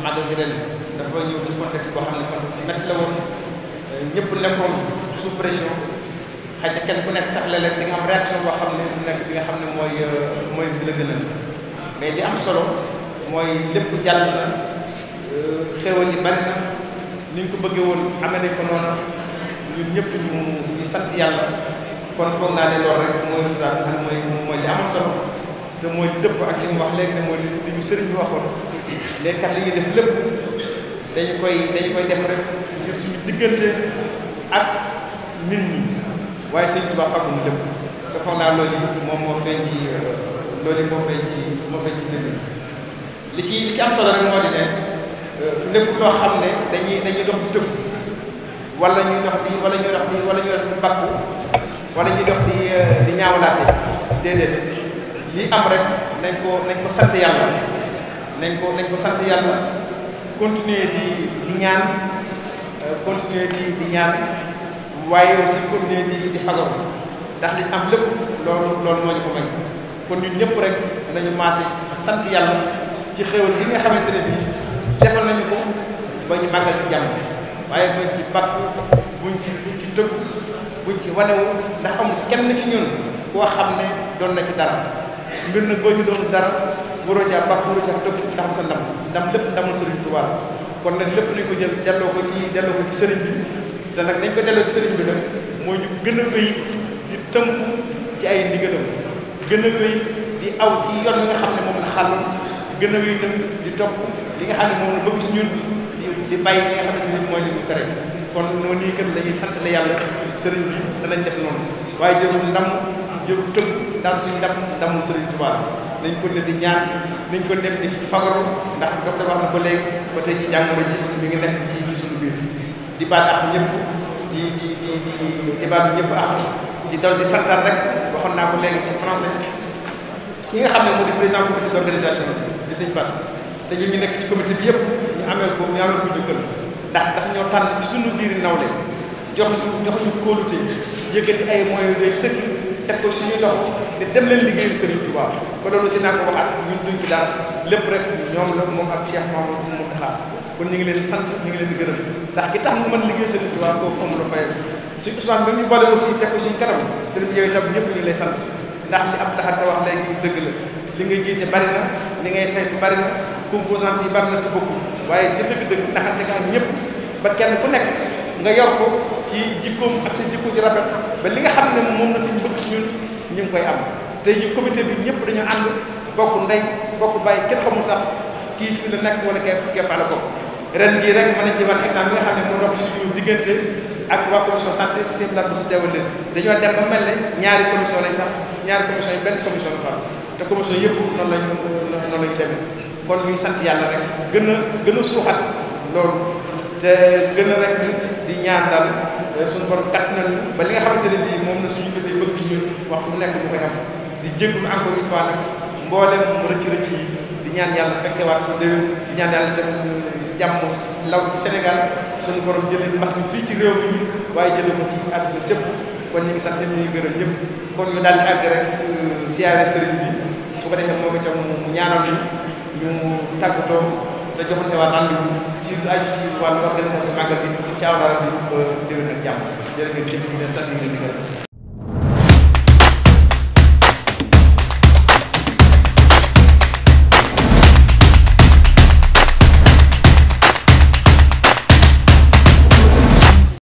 magal gi ren dafa ñëw ci contexte boo xam ne contexte métti la woon euh, ñëpp nekkoon sous pression xaj kenn ku nekk sax léeg-léeg di nga am réaction boo xam ne nekk bi nga xam ne mooy euh, mooy bi la gën a mais li am solo mooy lépp jàll na euh, yi bari na ko bëggee woon amee nañ ko noonu ñun ñëpp sant yàlla kon naa ne loolu rek mooy résultat bi mooy mooy li am solo te mooy dëpp ak li mu wax léegi ne mooy ñu sëriñ bi waxoon léegi kat li ñuy def lépp dañu koy dañu koy def rek ngir suñu diggante ak nit ñi waaye sëñ Tuubaa fàggu ñu lépp te foog naa loolu moom moo feeñ ci loolu moo feeñ ci moo feeñ ci dëgg li ci li ci am solo rek moo di euh, lépp loo xam ne dañuy dañuy dox di tëb wala ñuy dox di wala ñuy dox di wala ñuy dox di mbàkku wala ñuy dox euh, di ñaawlaate déedéet li am rek nañ ko nañ ko sant yàlla nañ ko nañ ko sant yàlla continuer di di ñaan euh, continuer di di ñaan waaye aussi continuer di di fagaru ndax liñ am lépp loolu loolu moo ñu ko may kon ñun ñëpp rek nañu maase sant yàlla ci xéwal bi nga xamante ne bii defal nañu ko ba si jàmm waaye buñ ci bakk buñ ci buñ ci tëgg buñ ci wanewu ndax amul kenn ci ñun koo xam ne doon na ci dara mbir nag boo ñu doon dara waroo ca bàq waroo caa topp ndax am sa ndam ndam lépp ndamul sëriñ Tuubaa kon nag lépp nañ ko jël delloo ko ci delloo ko sëriñ bi te nag ko delloo ci bi nag mooy ñu gën a wéy di ci ay ndigalam gën a aw ci yoon xam ne moom la xàlloon gën a wéy itam di topp li di nga xam ne mooy ñu tere kon noonu nii kat la ñuy sant la yàlla sëriñ bi danañ def noonu waaye jëru ndam jëru tënk daal suñu ndam ndamul sëriñ Tuubaa nañ ko ne di ñaan nañ ko def di fagaru ndax docteur wax na ko léegi ba tey ji ji mi ngi nekk ci suñu biir di baal ak ñëpp di di di di di baal ñëpp ak di dal di santaan rek waxoon naa ko léegi ci français ki nga xam ne moo di président comité d' organisation di sëñ Bass te ñun ñu nekk ci comité bi yëpp ñu amee ko ñu amee ko jëkkal ndax daf ñoo tànn ci suñu biir nawle jox jox ñu kóolute yëkkati ay moyens yooyu sëkk teg ko suñuy loxo te dem leen liggéeyal Serigne Touba ba loolu si naa ko waxaat ñun duñ daal lépp rek ñoom la moom ak Cheikh Mamadou mu taxaar kon ñu ngi leen sant ñu ngi leen di gërëm ndax ki tax mu mën liggéey Serigne Touba kooku amul fayam si Ousmane ba ñu boole aussi teg ko suñu kanam Serigne bi yow itam ñëpp ñu lay sant ndax li ab taxar te wax léegi dëgg la li ngay jiite bari na li ngay saytu bari na composante yi bari na te bokkul waaye ci dëgg-dëgg taxante ñëpp ba ku nekk nga yor ko ci jikkoom ak sa jikko ji rafet ba li nga xam ne moom la si bëgg ñun ñu ngi koy am tey ji comité bi ñëpp dañu ànd bokk ndey bokk bàyyi kenn xamul sax kii fii la nekk wala kee kee fa la bokk ren jii rek mën nañ ci wan exemple bi nga xam ne moo dox suñu diggante ak waa commission santé seen laaj bu si teewal leen dañoo dem ba mel ne ñaari commission lañ sax ñaari commission yi benn commission la fa te commission yëpp noonu lañ noonu lañ demee kon sant yàlla gën a gën a suuxat loolu te gën a rek di ñaan daal eh, suñu borom kat nañu ba li nga xamante ne bii moom la suñu gën di bëgg ñun wax bu nekk bu koy am di jégalu encore une fois nag mboolem rëcc di ñaan yàlla fekke waat ko déwén di ñaan yàlla tam jàmm law ci Sénégal suñu borom jëlee mbas fii ci réew mi waaye jëlee ko ci àdduna sépp kon ñu ngi sant ñi ngi gërëm ñëpp kon ñu daal di àgg rek siyaare euh, sëriñ bi su ko defee moom itam mu ñaanal ñu ñu tàggatoo te joxante waa rendez-vous ci lu aju ci wàllu organisation màggal bi ci awlaal bi ba déwén ak jàmm jërë ngeen jëf ñu leen sant ñu leen di gërëm